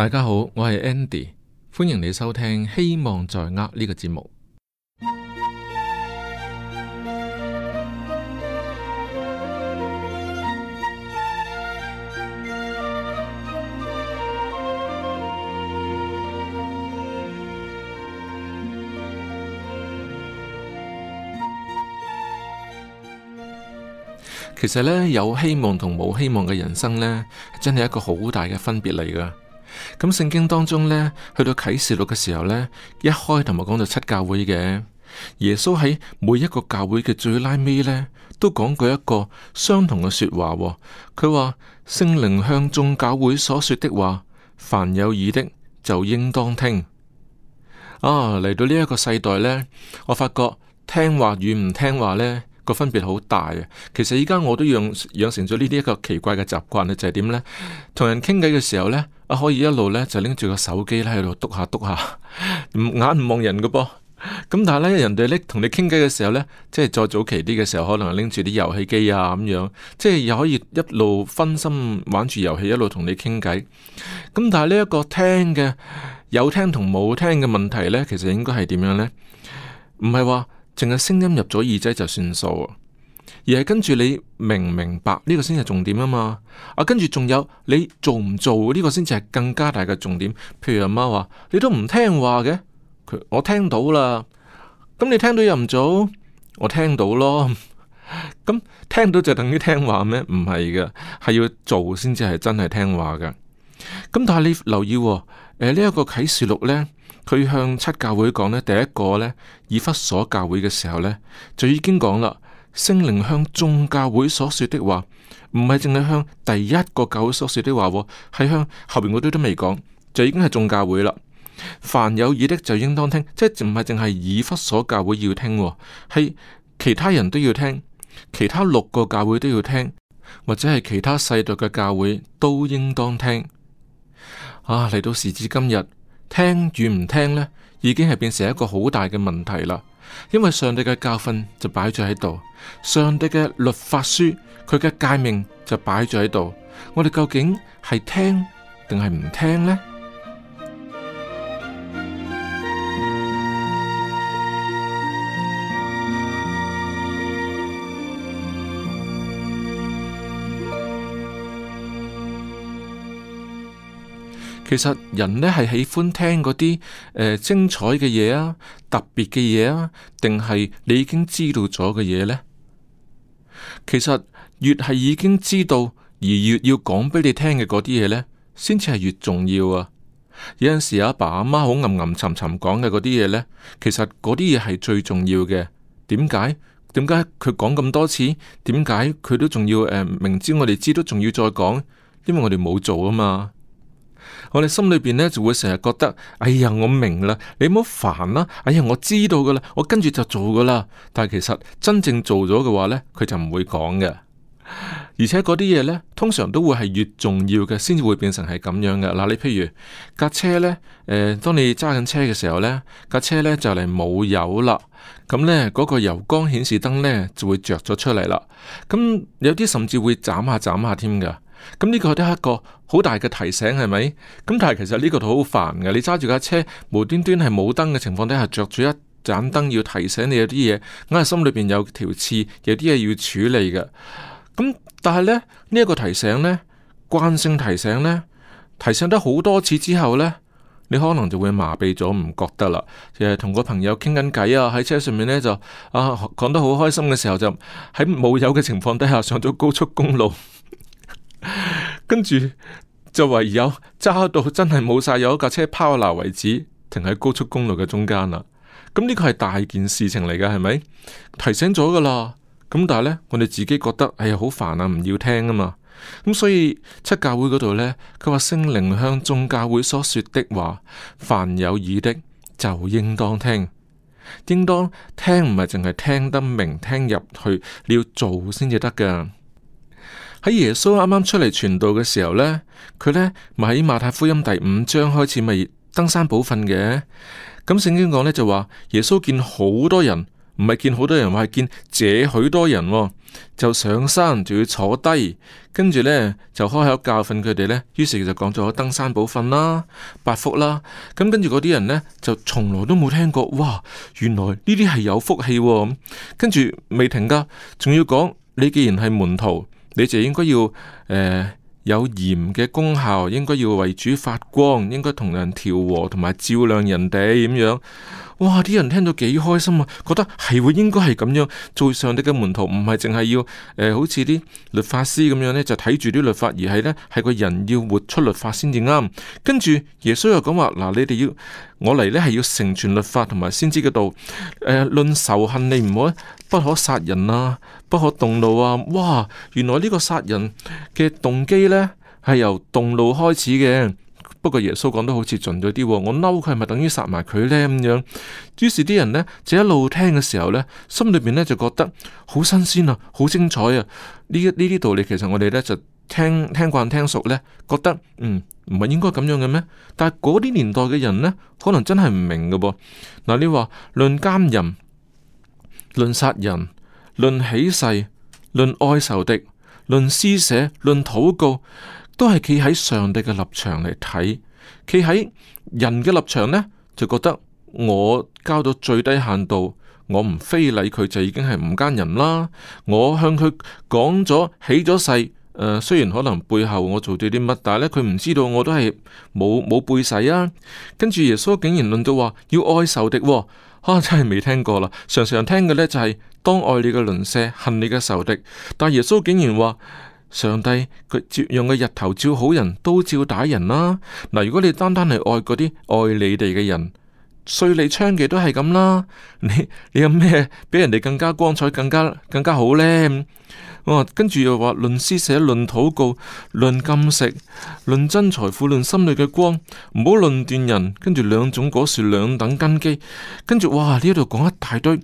大家好，我係 Andy，歡迎你收聽《希望在握》呢個節目。其實呢，有希望同冇希望嘅人生呢，真係一個好大嘅分別嚟噶。咁聖經當中呢，去到啟示錄嘅時候呢，一開頭就講到七教會嘅耶穌喺每一個教會嘅最拉尾呢，都講過一個相同嘅說話，哦。佢話，聖靈向眾教會所說的話，凡有耳的就應當聽。啊，嚟到呢一個世代呢，我發覺聽話與唔聽話呢個分別好大啊。其實依家我都養養成咗呢啲一個奇怪嘅習慣，就係點呢？同人傾偈嘅時候呢。啊、可以一路呢，就拎住個手機呢，喺度篤下篤下，眼唔望人嘅噃。咁、嗯、但係呢，人哋同你傾偈嘅時候呢，即係再早期啲嘅時候，可能拎住啲遊戲機啊咁樣，即係又可以一路分心玩住遊戲，一路同你傾偈。咁、嗯、但係呢一個聽嘅有聽同冇聽嘅問題呢，其實應該係點樣呢？唔係話淨係聲音入咗耳仔就算數。而係跟住你明唔明白呢，這個先係重點啊嘛。啊，跟住仲有你做唔做呢，這個先至係更加大嘅重點。譬如阿媽話你都唔聽話嘅，佢我聽到啦。咁、嗯、你聽到又唔做，我聽到咯。咁、 嗯、聽到就等於聽話咩？唔係嘅，係要做先至係真係聽話嘅。咁、嗯、但係你留意誒、哦、呢、呃、一、這個啟示錄呢，佢向七教會講呢，第一個呢，以弗所教會嘅時候呢，就已經講啦。聖靈向眾教會所說的話，唔係淨係向第一個教會所說的話，係向後邊嗰啲都未講，就已經係眾教會啦。凡有耳的就應當聽，即係唔係淨係以弗所教會要聽，係其他人都要聽，其他六個教會都要聽，或者係其他世代嘅教會都應當聽。啊，嚟到時至今日，聽與唔聽呢，已經係變成一個好大嘅問題啦。因為上帝嘅教訓就擺咗喺度，上帝嘅律法書，佢嘅誡命就擺咗喺度，我哋究竟係聽定係唔聽呢？.其實人呢係喜歡聽嗰啲、呃、精彩嘅嘢啊，特別嘅嘢啊，定係你已經知道咗嘅嘢呢？其實越係已經知道而越要講俾你聽嘅嗰啲嘢呢，先至係越重要啊！有陣時阿爸阿媽好吟吟沉沉講嘅嗰啲嘢呢，其實嗰啲嘢係最重要嘅。點解？點解佢講咁多次？點解佢都仲要、呃、明知我哋知都仲要再講？因為我哋冇做啊嘛。我哋心裏邊咧就會成日覺得，哎呀，我明啦，你唔好煩啦，哎呀，我知道噶啦，我跟住就做噶啦。但係其實真正做咗嘅話呢，佢就唔會講嘅。而且嗰啲嘢呢，通常都會係越重要嘅，先至會變成係咁樣嘅。嗱，你譬如架車呢，誒，當你揸緊車嘅時候呢，架車呢就嚟冇油啦。咁呢，嗰個油光顯示燈呢就會着咗出嚟啦。咁有啲甚至會斬下斬下添噶。咁呢個都係一個好大嘅提醒，係咪？咁但係其實呢個都好煩嘅。你揸住架車，無端端係冇燈嘅情況底下，着住一盞燈要提醒你有啲嘢，硬係心裏面有條刺，有啲嘢要處理嘅。咁但係呢，呢、這、一個提醒呢，慣性提醒呢，提醒得好多次之後呢，你可能就會麻痹咗，唔覺得啦。就係同個朋友傾緊偈啊，喺車上面呢，就啊講得好開心嘅時候，就喺冇油嘅情況底下上咗高速公路。 跟住就唯有揸到真係冇晒有一架車拋落為止，停喺高速公路嘅中間啦。咁呢個係大件事情嚟噶，係咪？提醒咗噶啦。咁但係呢，我哋自己覺得哎呀，好煩啊，唔要聽啊嘛。咁、嗯、所以七教會嗰度呢，佢話聖靈向眾教會所說的話，凡有耳的就應當聽。應當聽唔係淨係聽得明，聽入去你要做先至得噶。喺耶穌啱啱出嚟傳道嘅時候呢，佢呢咪喺馬太福音第五章開始咪登山補訓嘅。咁聖經講呢，就話耶穌見好多人，唔係見好多人，話係見這許多人，就上山就要坐低，跟住呢，就開口教訓佢哋呢，於是就講咗登山補訓啦，八福啦。咁跟住嗰啲人呢，就從來都冇聽過，哇，原來呢啲係有福氣。跟住未停噶，仲要講你既然係門徒。你就應該要，呃，有鹽嘅功效，應該要為主發光，應該同人調和同埋照亮人哋咁樣。哇！啲人聽到幾開心啊，覺得係會應該係咁樣做上帝嘅門徒，唔係淨係要誒、呃，好似啲律法師咁樣咧，就睇住啲律法，而係咧係個人要活出律法先至啱。跟住耶穌又講話：嗱，你哋要我嚟咧，係要成全律法同埋先知嘅道。誒、呃，論仇恨你唔好，不可殺人啊，不可動怒啊。哇！原來呢個殺人嘅動機咧，係由動怒開始嘅。不過耶穌講都好似盡咗啲，我嬲佢係咪等於殺埋佢呢？咁樣？於是啲人呢，就一路聽嘅時候呢，心裏邊呢，就覺得好新鮮啊，好精彩啊！呢呢啲道理其實我哋呢，就聽聽慣聽熟呢，覺得嗯唔係應該咁樣嘅咩？但係嗰啲年代嘅人呢，可能真係唔明嘅噃、啊。嗱，你話論姦淫、論殺人、論起誓、論愛仇敵、論施捨、論禱告。都係企喺上帝嘅立場嚟睇，企喺人嘅立場呢，就覺得我交到最低限度，我唔非禮佢就已經係唔奸人啦。我向佢講咗起咗誓，誒、呃，雖然可能背後我做咗啲乜，但係呢，佢唔知道，我都係冇冇背誓啊。跟住耶穌竟然論到話要愛仇敵，哦、可、啊、能真係未聽過啦。常常聽嘅呢、就係，就係當愛你嘅鄰舍，恨你嘅仇敵，但耶穌竟然話。上帝佢照用嘅日頭照好人，都照打人啦。嗱，如果你單單係愛嗰啲愛你哋嘅人，碎你槍嘅都係咁啦。你你有咩比人哋更加光彩，更加更加好呢？哦、跟住又話論施捨，論禱告，論禁食，論真財富，論心裏嘅光，唔好論斷人。跟住兩種果樹兩等根基。跟住哇，呢度講一大堆，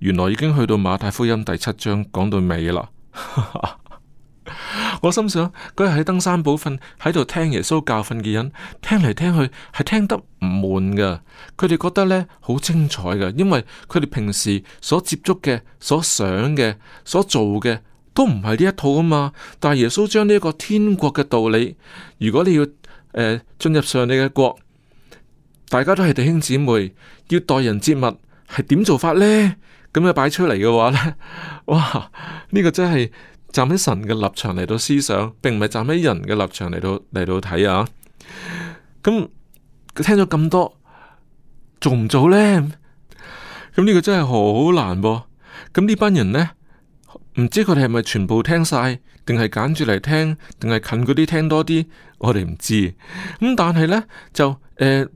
原來已經去到馬太福音第七章講到尾啦。 我心想，嗰日喺登山寶訓喺度聽耶穌教訓嘅人，聽嚟聽去係聽得唔悶噶，佢哋覺得呢好精彩噶，因為佢哋平時所接觸嘅、所想嘅、所做嘅都唔係呢一套啊嘛。但係耶穌將呢一個天國嘅道理，如果你要誒進、呃、入上帝嘅國，大家都係弟兄姊妹，要待人接物係點做法呢？咁樣擺出嚟嘅話呢，哇！呢、這個真係～站喺神嘅立場嚟到思想，並唔係站喺人嘅立場嚟到嚟到睇啊！咁、嗯、佢聽咗咁多，做唔做咧？咁、嗯、呢、這個真係好難噃、啊！咁、嗯、呢班人咧，唔知佢哋係咪全部聽晒，定係揀住嚟聽，定係近嗰啲聽多啲？我哋唔知。咁、嗯、但係咧就誒。呃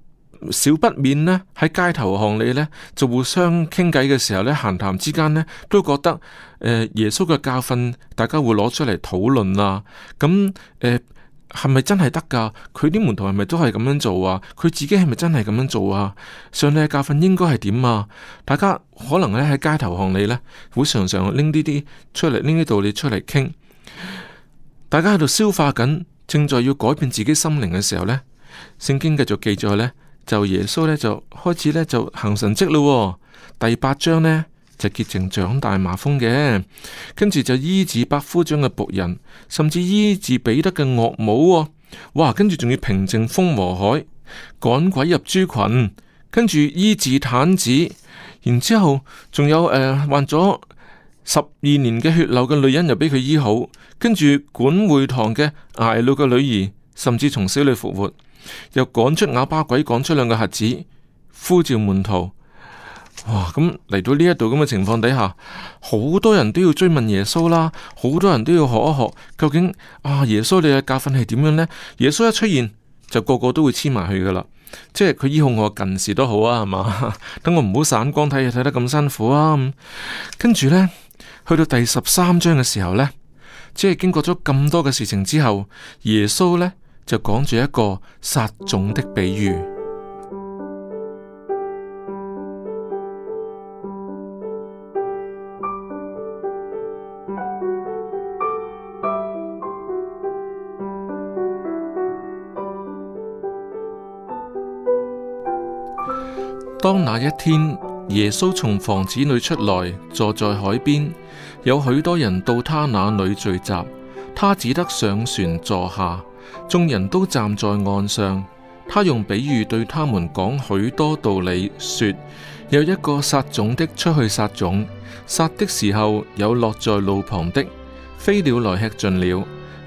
少不免呢，喺街頭巷裏呢，就互相傾偈嘅時候呢，閒談之間呢，都覺得、呃、耶穌嘅教訓大家會攞出嚟討論啊，咁誒，係咪真係得㗎？佢啲門徒係咪都係咁樣做啊？佢自己係咪真係咁樣做啊？上帝嘅教訓應該係點啊？大家可能呢，喺街頭巷裏呢，會常常拎呢啲出嚟拎啲道理出嚟傾，大家喺度消化緊，正在要改變自己心靈嘅時候呢，聖經繼續記載呢。就耶穌呢，就開始呢，就行神蹟咯、哦，第八章呢，就潔淨長大麻風嘅，跟住就醫治百夫長嘅僕人，甚至醫治彼得嘅岳母、哦，哇，跟住仲要平靜風和海，趕鬼入豬群，跟住醫治癱子，然之後仲有誒、呃、患咗十二年嘅血流嘅女人又俾佢醫好，跟住管會堂嘅挨老嘅女兒，甚至從死裏復活。又趕出啞巴鬼，趕出兩個盒子，呼召門徒。哇！咁嚟到呢一度咁嘅情況底下，好多人都要追問耶穌啦，好多人都要學一學究竟啊耶穌你嘅教訓係點樣呢？」「耶穌一出現，就個個都會黐埋去噶啦，即係佢醫好我近視都好啊，係嘛？等我唔好散光睇嘢睇得咁辛苦啊！嗯，跟住呢，去到第十三章嘅時候呢，即係經過咗咁多嘅事情之後，耶穌呢。就講住一個撒種的比喻。當那一天，耶穌從房子裏出來，坐在海邊，有許多人到他那裏聚集，他只得上船坐下。眾人都站在岸上，他用比喻對他們講許多道理，說：有一個撒種的出去撒種，撒的時候有落在路旁的，飛鳥來吃盡了；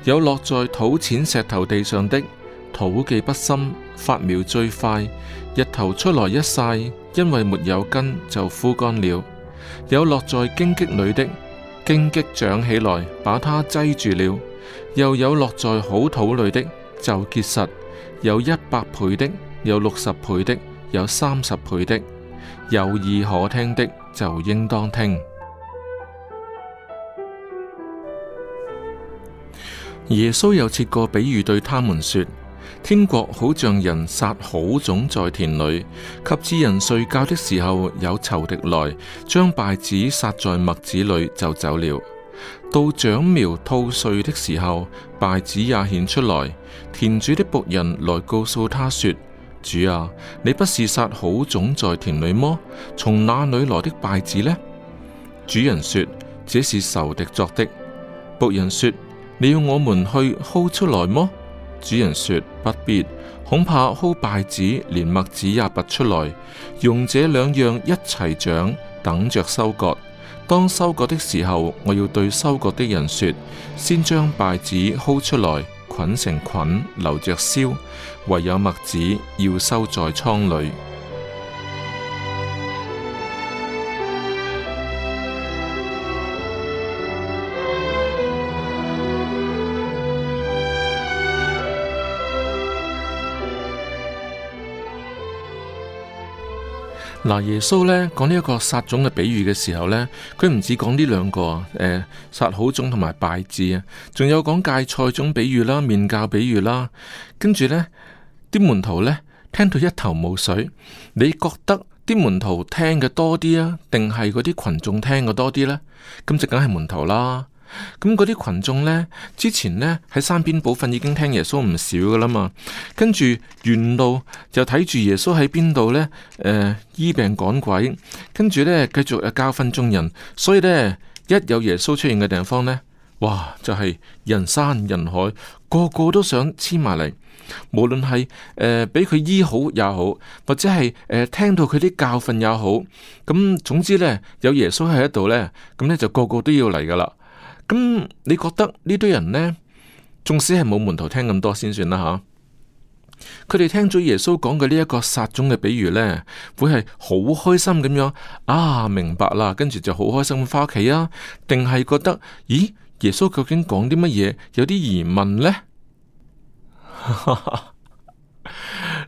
有落在土淺石頭地上的，土既不深，發苗最快，日頭出來一晒，因為沒有根就枯乾了；有落在荊棘裡的，荊棘長起來把它擠住了。又有落在好土裏的就結實，有一百倍的，有六十倍的，有三十倍的。有意可聽的就應當聽。耶穌又設個比喻對他們說：天國好像人撒好種在田裏，及至人睡覺的時候有，有仇敵來將稗子撒在麥子裏就走了。到長苗吐穗的時候，稗子也顯出來。田主的僕人來告訴他說：主啊，你不是撒好種在田裏麼？從哪裏來的稗子呢？主人說：這是仇敵作的。僕人說：你要我們去薅出來麼？主人說：不必，恐怕薅稗子連麥子也拔出來，用這兩樣一齊長，等着收割。當收割的時候，我要對收割的人說：先將稗子薅出來，捆成捆，留着燒；唯有麥子要收在倉裏。嗱，耶穌咧講呢一個撒種嘅比喻嘅時候咧，佢唔止講呢兩個誒、欸、撒好種同埋稗子，啊，仲有講芥菜種比喻啦、麵酵比喻啦，跟住咧啲門徒咧聽到一頭霧水。你覺得啲門徒聽嘅多啲啊，定係嗰啲群眾聽嘅多啲咧？咁就梗係門徒啦。咁嗰啲群眾呢，之前呢喺山邊補訓，已經聽耶穌唔少噶啦嘛，跟住沿路就睇住耶穌喺邊度呢？誒、呃、醫病趕鬼，跟住呢繼續誒教訓眾人，所以呢，一有耶穌出現嘅地方呢，哇就係、是、人山人海，個個都想黐埋嚟，無論係誒俾佢醫好也好，或者係誒、呃、聽到佢啲教訓也好，咁、嗯、總之呢，有耶穌喺一度呢，咁呢就個個都要嚟噶啦。咁你覺得呢堆人呢？縱使係冇門徒聽咁多先算啦吓，佢哋聽咗耶穌講嘅呢一個撒種嘅比喻呢，會係好開心咁樣啊明白啦，跟住就好開心咁返屋企啊，定係覺得「咦耶穌究竟講啲乜嘢，有啲疑問呢？ 」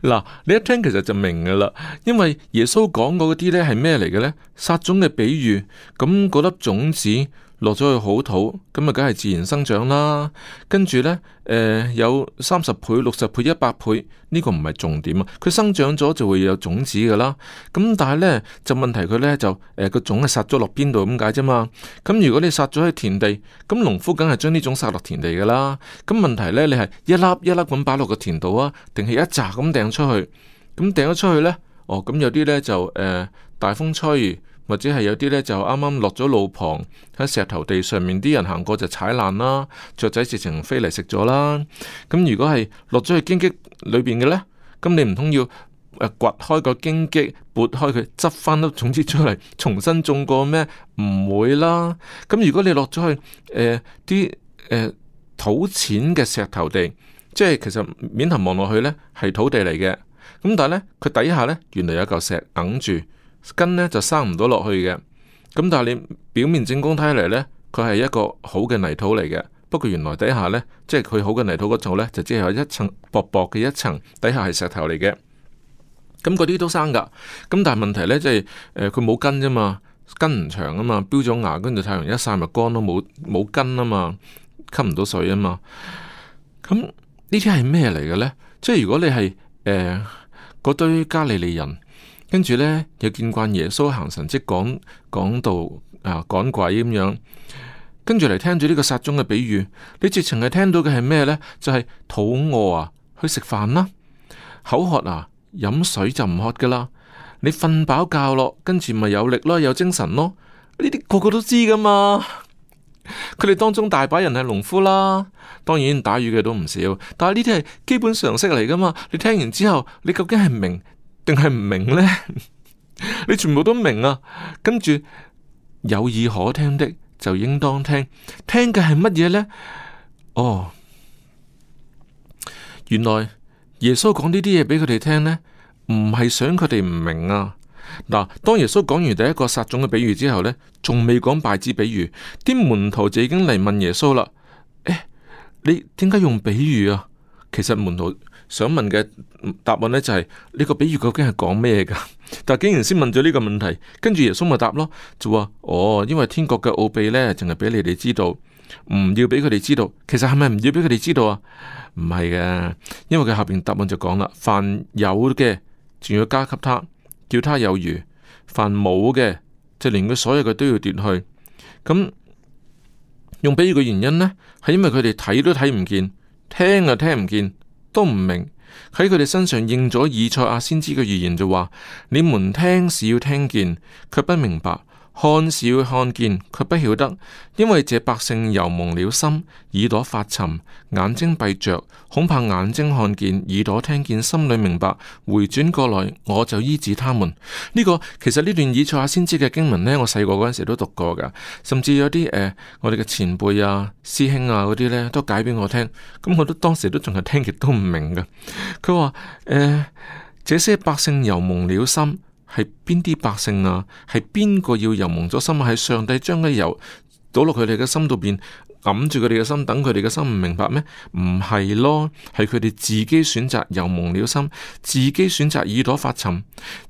嗱，你一聽其實就明噶啦，因為耶穌講過嗰啲呢係咩嚟嘅呢？撒種嘅比喻，咁嗰粒種子。落咗去好土，咁啊，梗係自然生長啦。跟住呢，誒、呃、有三十倍、六十倍、一百倍，呢、這個唔係重點啊。佢生長咗就會有種子噶啦。咁但係呢，就問題佢呢，就誒個、呃、種係撒咗落邊度咁解啫嘛。咁如果你撒咗喺田地，咁農夫梗係將呢種撒落田地噶啦。咁問題呢，你係一粒一粒咁擺落個田度啊，定係一紮咁掟出去？咁掟咗出去呢？哦，咁有啲呢，就誒、呃、大風吹。或者係有啲呢，就啱啱落咗路旁喺石頭地上面，啲人行過就踩爛啦，雀仔直情飛嚟食咗啦。咁如果係落咗去荊棘裏邊嘅呢，咁你唔通要掘開個荊棘，撥開佢，執返粒種子出嚟，重新種過咩？唔會啦。咁如果你落咗去啲、呃呃、土淺嘅石頭地，即係其實面頭望落去呢，係土地嚟嘅，咁但係呢，佢底下呢，原來有嚿石哽住。根呢就生唔到落去嘅，咁但係你表面正空睇嚟呢，佢係一個好嘅泥土嚟嘅。不過原來底下呢，即係佢好嘅泥土嗰層呢，就只係有一層薄薄嘅一層，底下係石頭嚟嘅。咁嗰啲都生噶，咁但係問題呢，即係誒，佢、呃、冇根啫嘛，根唔長啊嘛，標咗牙，跟住太陽一曬咪乾都冇冇根啊嘛，吸唔到水啊嘛。咁呢啲係咩嚟嘅呢？即係如果你係誒嗰堆加利利人。跟住呢，又見慣耶穌行神跡，講講道啊，趕鬼咁樣，跟住嚟聽住呢個撒種嘅比喻，你直情係聽到嘅係咩呢？就係、是、肚餓啊，去食飯啦；口渴啊，飲水就唔渴噶啦。你瞓飽覺咯，跟住咪有力咯，有精神咯。呢啲個個都知噶嘛。佢哋當中大把人係農夫啦，當然打魚嘅都唔少。但係呢啲係基本常識嚟噶嘛。你聽完之後，你究竟係明？定係唔明呢？ 你全部都明啊！跟住有耳可聽的就應當聽，聽嘅係乜嘢呢？哦，原來耶穌講呢啲嘢俾佢哋聽呢，唔係想佢哋唔明啊！嗱，當耶穌講完第一個撒種嘅比喻之後呢，仲未講稗子比喻，啲門徒就已經嚟問耶穌啦。誒，你點解用比喻啊？其實門徒。想問嘅答案呢，就是，就係呢個比喻究竟係講咩噶？但竟然先問咗呢個問題，跟住耶穌咪答咯，就話：哦，因為天國嘅奧秘呢，淨係畀你哋知道，唔要畀佢哋知道。其實係咪唔要畀佢哋知道啊？唔係嘅，因為佢下邊答案就講啦：凡有嘅，仲要加給他，叫他有餘；凡冇嘅，就連佢所有嘅都要奪去。咁用比喻嘅原因呢，係因為佢哋睇都睇唔見，聽又聽唔見。都唔明，喺佢哋身上應咗以賽亞先知嘅預言就，就話：你們聽是要聽見，卻不明白。看是會看見，卻不曉得，因為這百姓油蒙了心，耳朵發沉，眼睛閉着，恐怕眼睛看見，耳朵聽見，心裏明白，回轉過來，我就醫治他們。呢、這個其實呢段以賽亞先知嘅經文咧，我細個嗰陣時都讀過噶，甚至有啲誒、呃，我哋嘅前輩啊、師兄啊嗰啲咧，都解俾我聽，咁我都當時都仲係聽極都唔明嘅。佢話誒，這些百姓油蒙了心。係邊啲百姓啊？係邊個要油蒙咗心？喺上帝將嘅油倒落佢哋嘅心度邊，揞住佢哋嘅心，等佢哋嘅心唔明白咩？唔係咯，係佢哋自己選擇油蒙了心，自己選擇耳朵發沉，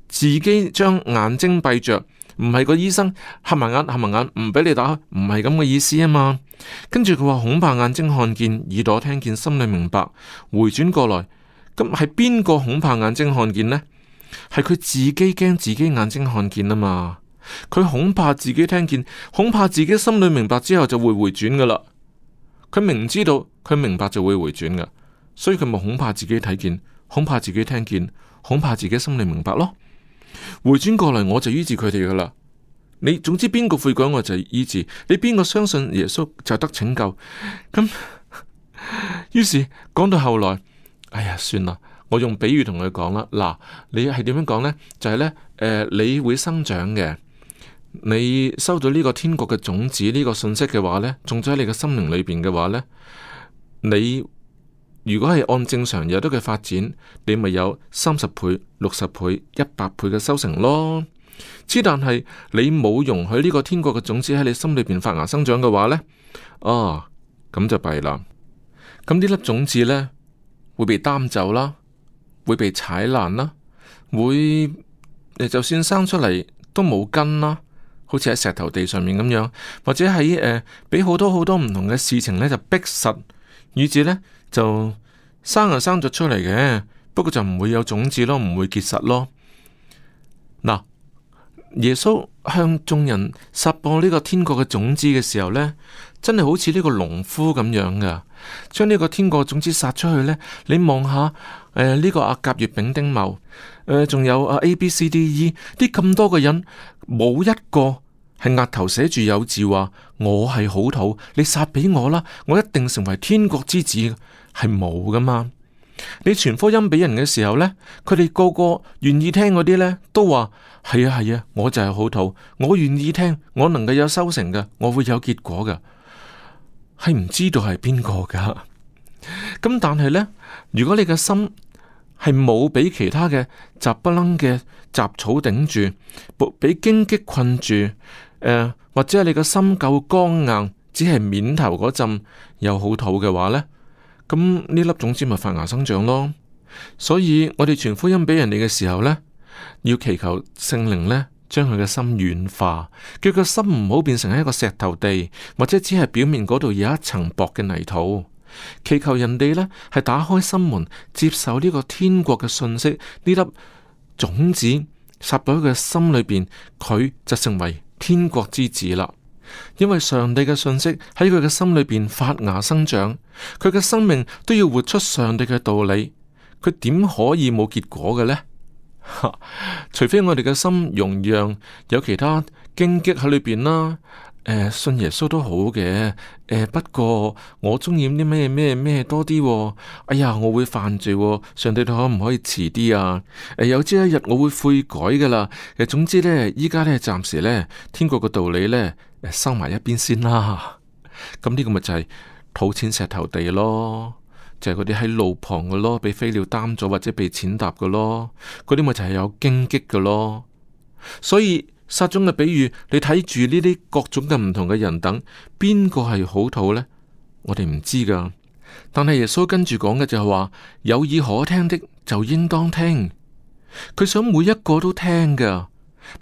自己將眼睛閉着。唔係個醫生合埋眼合埋眼，唔畀你打開，唔係咁嘅意思啊嘛。跟住佢話恐怕眼睛看見，耳朵聽見，心裏明白。回轉過來，咁係邊個恐怕眼睛看見呢？係佢自己驚自己眼睛看見吖嘛，佢恐怕自己聽見，恐怕自己心裏明白之後就會回轉噶啦。佢明知道佢明白就會回轉噶，所以佢咪恐怕自己睇見，恐怕自己聽見，恐怕自己心裏明白咯。回轉過嚟，我就醫治佢哋噶啦。你總之邊個悔改我就醫治，你邊個相信耶穌就得拯救。咁 於是講到後來，哎呀，算啦。我用比喻同佢講啦，嗱，你係點樣講呢？就係呢，呃，你會生長嘅，你收到呢個天國嘅種子呢個信息嘅話呢，種咗喺你嘅心靈裏邊嘅話呢，你如果係按正常有得嘅發展，你咪有三十倍、六十倍、一百倍嘅收成咯。之但係你冇容許呢個天國嘅種子喺你心裏邊發芽生長嘅話呢，啊，咁就弊啦。咁呢粒種子呢，會被擔走啦。會被踩爛啦，會就算生出嚟都冇根啦，好似喺石頭地上面咁樣，或者喺誒俾好多好多唔同嘅事情呢就逼實，以至呢就生又生咗出嚟嘅，不過就唔會有種子咯，唔會結實咯。嗱，耶穌向眾人撒播呢個天國嘅種子嘅時候呢，真係好似呢個農夫咁樣噶，將呢個天國種子撒出去呢，你望下。誒，呢、呃這個阿、啊、甲乙丙丁卯，誒、呃，仲有啊 A B C D E，啲咁多個人，冇一個係額頭寫住有字話我係好土，你殺畀我啦，我一定成為天國之子，係冇噶嘛？你傳福音畀人嘅時候咧，佢哋個個願意聽嗰啲咧，都話係啊係啊，我就係好土，我願意聽，我能夠有收成嘅，我會有結果嘅，係唔知道係邊個噶？咁但係呢，如果你嘅心係冇俾其他嘅雜不楞嘅雜草頂住，撥俾荊棘困住，呃，或者係你嘅心夠剛硬，只係面頭嗰陣又好土嘅話呢，咁呢粒種子咪發芽生長咯。所以我哋傳福音俾人哋嘅時候呢，要祈求聖靈呢，將佢嘅心軟化，叫佢心唔好變成一個石頭地，或者只係表面嗰度有一層薄嘅泥土。祈求人哋呢係打開心門，接受呢個天國嘅信息，呢粒種子撒到佢嘅心裏邊，佢就成為天國之子啦。因為上帝嘅信息喺佢嘅心裏邊發芽生長，佢嘅生命都要活出上帝嘅道理，佢點可以冇結果嘅呢？除非我哋嘅心容讓，有其他荊棘喺裏邊啦。信耶穌都好嘅、呃，不過我鍾意啲咩咩咩多啲、哦，哎呀，我會犯罪、哦，上帝你可唔可以遲啲啊？有、呃、朝一日我會悔改噶啦，誒，總之呢，依家呢，暫時呢，天國嘅道理呢，收埋一邊先啦。咁 呢個咪就係土淺石頭地咯，就係嗰啲喺路旁嘅咯，俾飛鳥擔咗或者俾踐踏嘅咯，嗰啲咪就係有荊棘嘅咯，所以。撒種嘅比喻，你睇住呢啲各種嘅唔同嘅人等，邊個係好土呢？我哋唔知噶。但係耶穌跟住講嘅就係話，有耳可聽的就應當聽。佢想每一個都聽噶，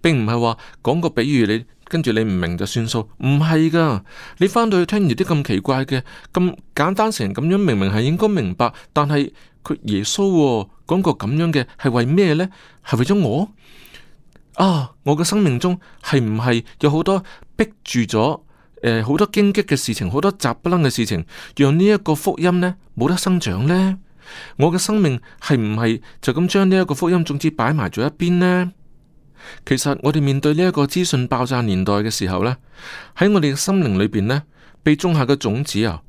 並唔係話講個比喻你跟住你唔明就算數。唔係噶，你翻到去聽而啲咁奇怪嘅，咁簡單成咁樣，明明係應該明白，但係佢耶穌講個咁樣嘅係為咩呢？係為咗我。啊！我嘅生命中係唔係有好多逼住咗？誒、呃，好多荊棘嘅事情，好多雜不楞嘅事情，讓呢一個福音呢冇得生長呢？我嘅生命係唔係就咁將呢一個福音種子擺埋咗一邊呢？其實我哋面對呢一個資訊爆炸年代嘅時候呢，喺我哋嘅心靈裏邊呢，被種下嘅種子啊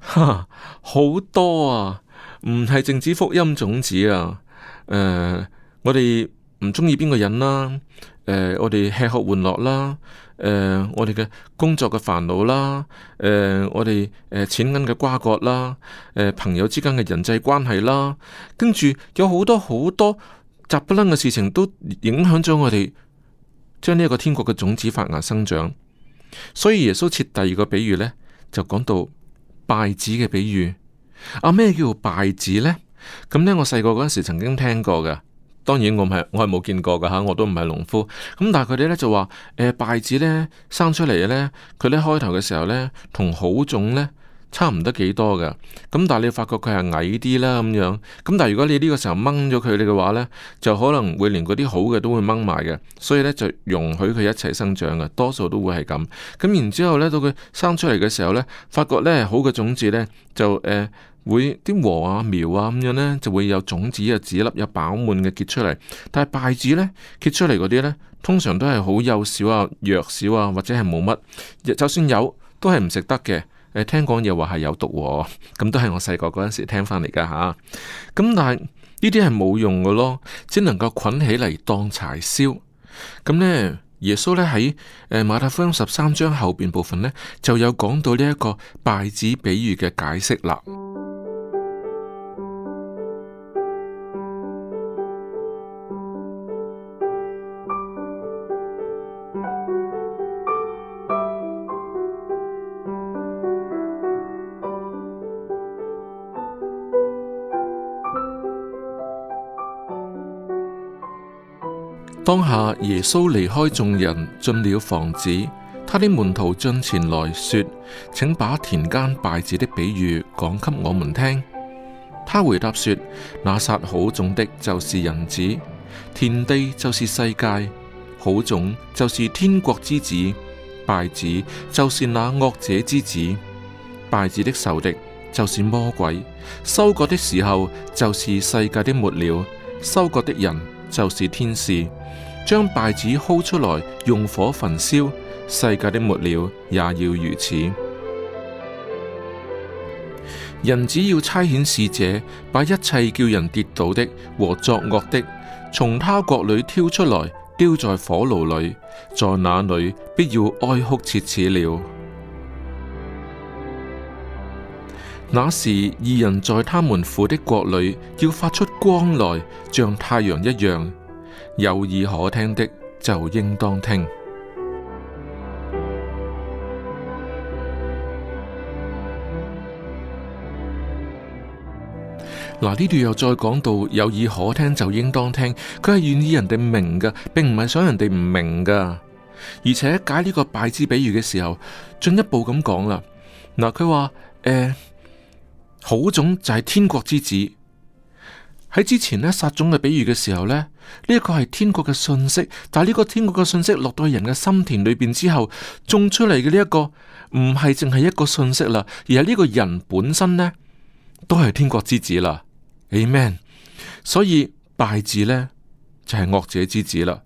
哈哈，好多啊，唔係淨止福音種子啊，誒、呃，我哋。唔中意邊個人啦，誒、呃，我哋吃喝玩樂啦，誒、呃，我哋嘅工作嘅煩惱啦，誒、呃，我哋誒錢銀嘅瓜葛啦，誒、呃，朋友之間嘅人際關係啦，跟住有好多好多雜不楞嘅事情都影響咗我哋將呢一個天國嘅種子發芽生長，所以耶穌設第二個比喻呢，就講到稗子嘅比喻。啊，咩叫做稗子呢？咁呢，我細個嗰陣時曾經聽過噶。當然我唔係，我係冇見過㗎吓，我都唔係農夫。咁但係佢哋咧就話，誒稗子咧生出嚟咧，佢咧開頭嘅時候咧，同好種咧差唔得幾多㗎。咁但係你發覺佢係矮啲啦咁樣。咁但係如果你呢個時候掹咗佢哋嘅話咧，就可能會連嗰啲好嘅都會掹埋嘅。所以咧就容許佢一齊生長㗎，多數都會係咁。咁然之後咧到佢生出嚟嘅時候咧，發覺咧好嘅種子咧就誒。呃會啲禾啊、苗啊咁樣呢，就會有種子啊、籽粒有飽滿嘅結出嚟。但係敗子呢，結出嚟嗰啲呢，通常都係好幼小啊、弱小啊，或者係冇乜。就算有都係唔食得嘅。誒，聽講又話係有毒喎，咁都係我細個嗰陣時聽翻嚟噶吓，咁、啊、但係呢啲係冇用嘅咯，只能夠捆起嚟當柴燒。咁呢，耶穌呢喺誒馬太福音十三章後邊部分呢，就有講到呢一個敗子比喻嘅解釋啦。 當下耶穌離開眾人，進了房子。他的門徒進前來說：請把田間稗子的比喻講給我們聽。他回答說：那撒好種的，就是人子；田地就是世界；好種就是天國之子，稗子就是那惡者之子。稗子的仇敵就是魔鬼。收割的時候就是世界的末了，收割的人。就是天使將稗子薅出來，用火焚燒，世界的末了也要如此。人子要差遣使者，把一切叫人跌倒的和作惡的，從他國裡挑出來，丟在火爐裡，在那裡必要哀哭切齒了。那時二人在他們父的國裏，要發出光來，像太陽一樣。有耳可聽的就應當聽。嗱，呢 段又再講到有耳可聽就應當聽，佢係願意人哋明噶，並唔係想人哋唔明噶。而且解呢個稗子比喻嘅時候，進一步咁講啦。嗱，佢話誒。好種就係天國之子，喺之前呢殺種嘅比喻嘅時候呢，呢一個係天國嘅信息，但係呢個天國嘅信息落到人嘅心田裏邊之後，種出嚟嘅呢一個唔係淨係一個信息啦，而係呢個人本身呢，都係天國之子啦。Amen。所以稗子呢，就係惡者之子啦。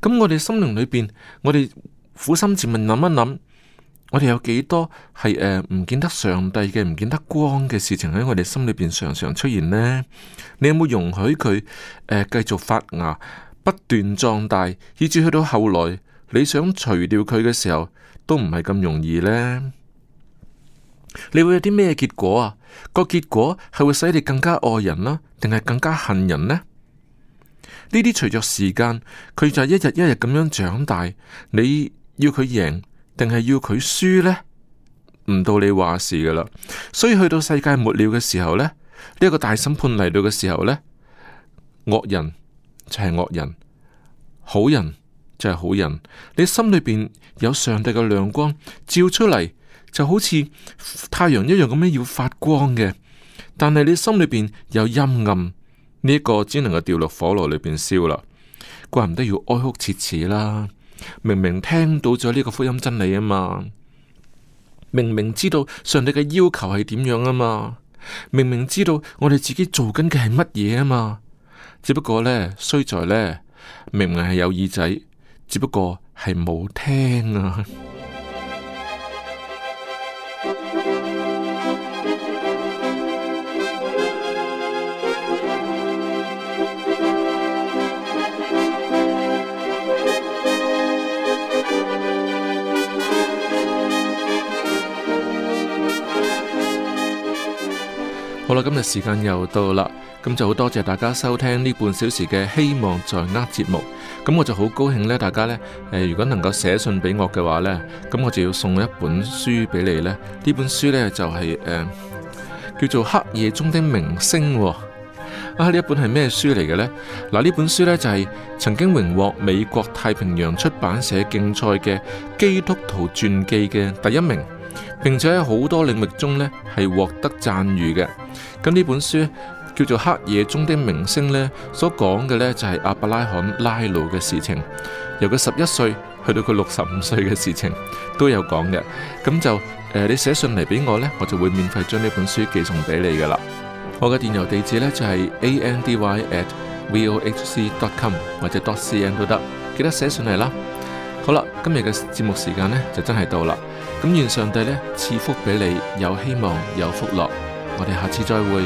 咁我哋心靈裏邊，我哋苦心自問諗一諗。我哋有幾多係誒唔見得上帝嘅、唔見得光嘅事情喺我哋心裏邊常常出現呢？你有冇容許佢誒、呃、繼續發芽、不斷壯大，以至去到後來，你想除掉佢嘅時候都唔係咁容易呢？你會有啲咩結果啊？個結果係會使你更加愛人啦，定係更加恨人呢？呢啲隨着時間，佢就一日一日咁樣長大，你要佢贏。定係要佢輸呢？唔到你話事噶啦，所以去到世界末了嘅時候呢，呢一個大審判嚟到嘅時候呢，惡人就係惡人，好人就係好人。你心裏邊有上帝嘅亮光照出嚟，就好似太陽一樣咁樣要發光嘅。但係你心裏邊有陰暗，呢一個只能夠掉落火爐裏邊燒啦，怪唔得要哀哭切齒啦。明明聽到咗呢個福音真理啊嘛，明明知道上帝嘅要求係點樣啊嘛，明明知道我哋自己做緊嘅係乜嘢啊嘛，只不過呢，衰在呢，明明係有耳仔，只不過係冇聽啊。好啦，今日時間又到啦，咁就好多謝大家收聽呢半小時嘅希望在握節目。咁我就好高興呢，大家呢，誒、呃，如果能夠寫信俾我嘅話呢，咁我就要送一本書俾你咧。呢本書呢，就係、是、誒、呃、叫做黑夜中的明星。哦、啊，呢一本係咩書嚟嘅呢？嗱、呃，呢本書呢，就係、是、曾經榮獲美國太平洋出版社競賽嘅基督徒傳記嘅第一名。並且喺好多領域中呢，係獲得讚譽嘅。咁呢本書呢，叫做《黑夜中的明星》呢，所講嘅呢，就係、是、阿伯拉罕拉魯嘅事情，由佢十一歲去到佢六十五歲嘅事情都有講嘅。咁就誒、呃，你寫信嚟俾我呢，我就會免費將呢本書寄送俾你噶啦。我嘅電郵地址呢，就係、是、andy@vohc.com 或者 dotcn 都得，記得寫信嚟啦。好啦，今日嘅節目時間呢，就真係到啦。咁願上帝呢賜福俾你，有希望，有福樂。我哋下次再會。